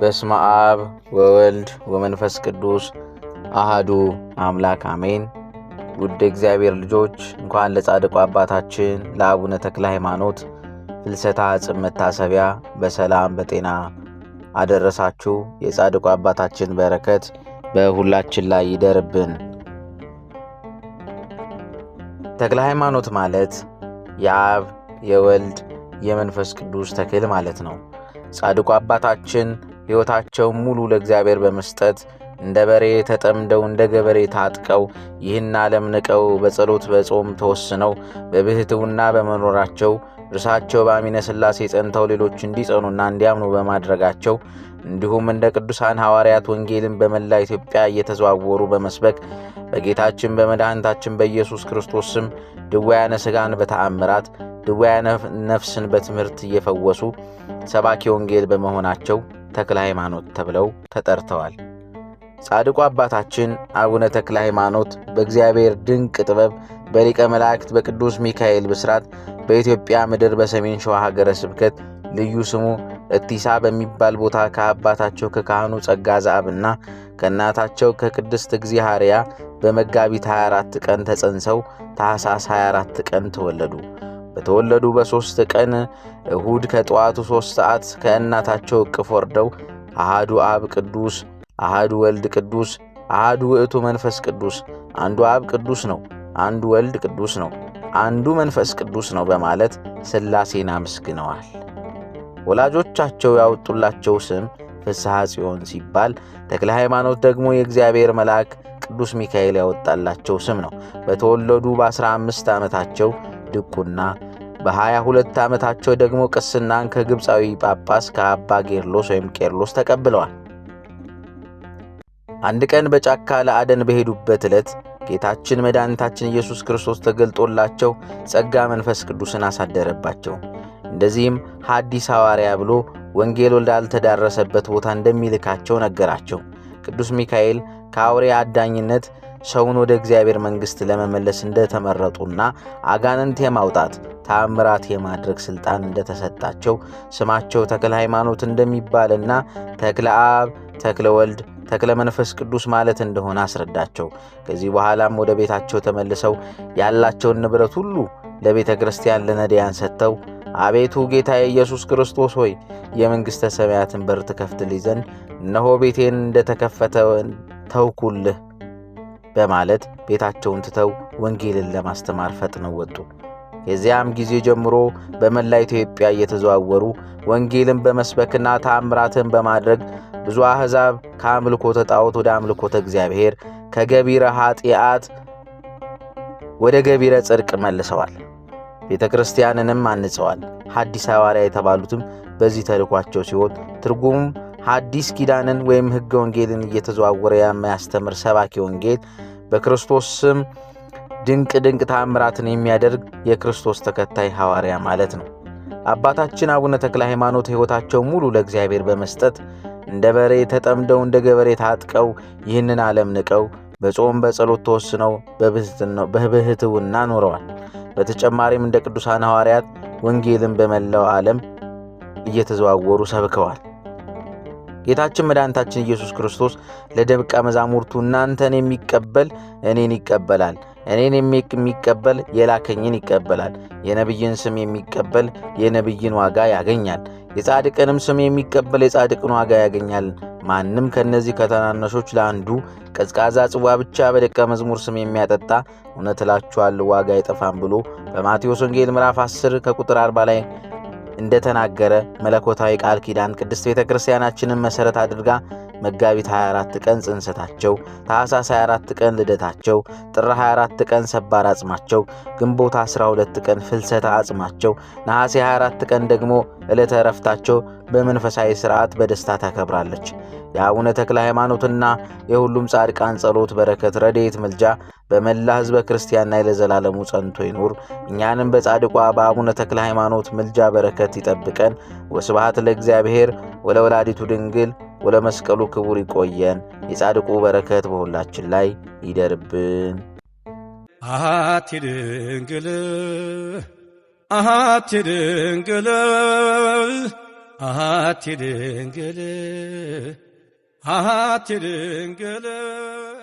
በስመ አብ ወወልድ ወመንፈስ ቅዱስ አህዱ አምላክ አሜን። ውድ እግዚአብሔር ልጆች እንኳን ለጻድቁ አባታችን ለአቡነ ተክለ ሃይማኖት ፍልሰታ ጽም መታሰቢያ በሰላም በጤና አደረሳችሁ። የጻድቁ አባታችን በረከት በሁላችን ላይ ይደርብን። ተክለ ሃይማኖት ማለት የአብ የወልድ የመንፈስ ቅዱስ ተክል ማለት ነው። ጻድቁ አባታችን ሕይወታቸውን ሙሉ ለእግዚአብሔር በመስጠት እንደ በሬ ተጠምደው እንደ ገበሬ ታጥቀው ይህን ዓለም ንቀው በጸሎት በጾም ተወስነው በብህትውና በመኖራቸው እርሳቸው በአሚነ ሥላሴ ጸንተው ሌሎች እንዲጸኑና እንዲያምኑ በማድረጋቸው እንዲሁም እንደ ቅዱሳን ሐዋርያት ወንጌልን በመላ ኢትዮጵያ እየተዘዋወሩ በመስበክ በጌታችን በመድኃኒታችን በኢየሱስ ክርስቶስ ስም ድዋያነ ሥጋን በተአምራት ድዋያነ ነፍስን በትምህርት እየፈወሱ ሰባኪ ወንጌል በመሆናቸው ተክለ ሃይማኖት ተብለው ተጠርተዋል። ጻድቁ አባታችን አቡነ ተክለ ሃይማኖት በእግዚአብሔር ድንቅ ጥበብ በሊቀ መላእክት በቅዱስ ሚካኤል ብስራት በኢትዮጵያ ምድር በሰሜን ሸዋ ሀገረ ስብከት ልዩ ስሙ እቲሳ በሚባል ቦታ ከአባታቸው ከካህኑ ጸጋ ዘአብና ከእናታቸው ከቅድስት እግዚሐርያ በመጋቢት 24 ቀን ተጸንሰው ታኅሳስ 24 ቀን ተወለዱ። በተወለዱ በሦስት ቀን እሁድ ከጠዋቱ ሦስት ሰዓት ከእናታቸው እቅፍ ወርደው አሃዱ አብ ቅዱስ፣ አሃዱ ወልድ ቅዱስ፣ አሃዱ ውእቱ መንፈስ ቅዱስ፣ አንዱ አብ ቅዱስ ነው፣ አንዱ ወልድ ቅዱስ ነው፣ አንዱ መንፈስ ቅዱስ ነው በማለት ሥላሴን አመስግነዋል። ወላጆቻቸው ያወጡላቸው ስም ፍስሐ ጽዮን ሲባል፣ ተክለ ሃይማኖት ደግሞ የእግዚአብሔር መልአክ ቅዱስ ሚካኤል ያወጣላቸው ስም ነው። በተወለዱ በ15 ዓመታቸው ድቁና በሀያ ሁለት ዓመታቸው ደግሞ ቅስናን ከግብፃዊ ጳጳስ ከአባ ጌርሎስ ወይም ቄርሎስ ተቀብለዋል። አንድ ቀን በጫካ ለአደን በሄዱበት ዕለት ጌታችን መድኃኒታችን ኢየሱስ ክርስቶስ ተገልጦላቸው ጸጋ መንፈስ ቅዱስን አሳደረባቸው። እንደዚህም ሐዲስ ሐዋርያ ብሎ ወንጌል ወዳልተዳረሰበት ቦታ እንደሚልካቸው ነገራቸው። ቅዱስ ሚካኤል ከአውሬ አዳኝነት ሰውን ወደ እግዚአብሔር መንግሥት ለመመለስ እንደተመረጡና አጋንንት የማውጣት ታምራት የማድረግ ሥልጣን እንደተሰጣቸው ስማቸው ተክለ ሃይማኖት እንደሚባልና ተክለ አብ፣ ተክለ ወልድ ተክለ መንፈስ ቅዱስ ማለት እንደሆነ አስረዳቸው። ከዚህ በኋላም ወደ ቤታቸው ተመልሰው ያላቸውን ንብረት ሁሉ ለቤተ ክርስቲያን ለነዳያን ሰጥተው አቤቱ ጌታ የኢየሱስ ክርስቶስ ሆይ የመንግሥተ ሰማያትን በር ትከፍትልኝ ዘንድ እነሆ ቤቴን እንደተከፈተ ተውኩልህ በማለት ቤታቸውን ትተው ወንጌልን ለማስተማር ፈጥነው ወጡ። የዚያም ጊዜ ጀምሮ በመላ ኢትዮጵያ እየተዘዋወሩ ወንጌልን በመስበክና ተአምራትን በማድረግ ብዙ አሕዛብ ከአምልኮተ ጣዖት ወደ አምልኮተ እግዚአብሔር ከገቢረ ኃጢአት ወደ ገቢረ ጽድቅ መልሰዋል። ቤተ ክርስቲያንንም አንጸዋል። ሐዲስ ሐዋርያ የተባሉትም በዚህ ተልኳቸው ሲሆን ትርጉሙም ሐዲስ ኪዳንን ወይም ሕገ ወንጌልን እየተዘዋወረ የሚያስተምር ሰባኪ ወንጌል በክርስቶስ ስም ድንቅ ድንቅ ታምራትን የሚያደርግ የክርስቶስ ተከታይ ሐዋርያ ማለት ነው። አባታችን አቡነ ተክለ ሃይማኖት ሕይወታቸው ሙሉ ለእግዚአብሔር በመስጠት እንደ በሬ ተጠምደው እንደ ገበሬ ታጥቀው ይህንን ዓለም ንቀው በጾም በጸሎት ተወስነው በብህትውና ኖረዋል። በተጨማሪም እንደ ቅዱሳን ሐዋርያት ወንጌልን በመላው ዓለም እየተዘዋወሩ ሰብከዋል። ጌታችን መድኃኒታችን ኢየሱስ ክርስቶስ ለደቀ መዛሙርቱ እናንተን የሚቀበል እኔን ይቀበላል፣ እኔን የሚቀበል የላከኝን ይቀበላል፣ የነቢይን ስም የሚቀበል የነቢይን ዋጋ ያገኛል፣ የጻድቅንም ስም የሚቀበል የጻድቅን ዋጋ ያገኛል። ማንም ከእነዚህ ከታናናሾች ለአንዱ ቀዝቃዛ ጽዋ ብቻ በደቀ መዝሙር ስም የሚያጠጣ እውነት እላችኋለሁ ዋጋ አይጠፋም ብሎ በማቴዎስ ወንጌል ምዕራፍ 10 ከቁጥር 40 ላይ እንደተናገረ መለኮታዊ ቃል ኪዳን ቅድስት ቤተ ክርስቲያናችንን መሠረት አድርጋ መጋቢት 24 ቀን ጽንሰታቸው፣ ታኅሳስ 24 ቀን ልደታቸው፣ ጥር 24 ቀን ሰባር አጽማቸው፣ ግንቦት 12 ቀን ፍልሰተ አጽማቸው፣ ነሐሴ 24 ቀን ደግሞ ዕለተ ዕረፍታቸው በመንፈሳዊ ሥርዓት በደስታ ታከብራለች። የአቡነ ተክለ ሃይማኖትና የሁሉም ጻድቃን ጸሎት፣ በረከት፣ ረድኤት፣ ምልጃ በመላ ሕዝበ ክርስቲያን ላይ ለዘላለሙ ጸንቶ ይኑር። እኛንም በጻድቋ በአቡነ ተክለ ሃይማኖት ምልጃ በረከት ይጠብቀን። ወስብሐት ለእግዚአብሔር ወለወላዲቱ ድንግል ወለመስቀሉ ክቡር ይቆየን። የጻድቁ በረከት በሁላችን ላይ ይደርብን። አሐቲ ድንግል አሐቲ ድንግል አሐቲ ድንግል አሐቲ ድንግል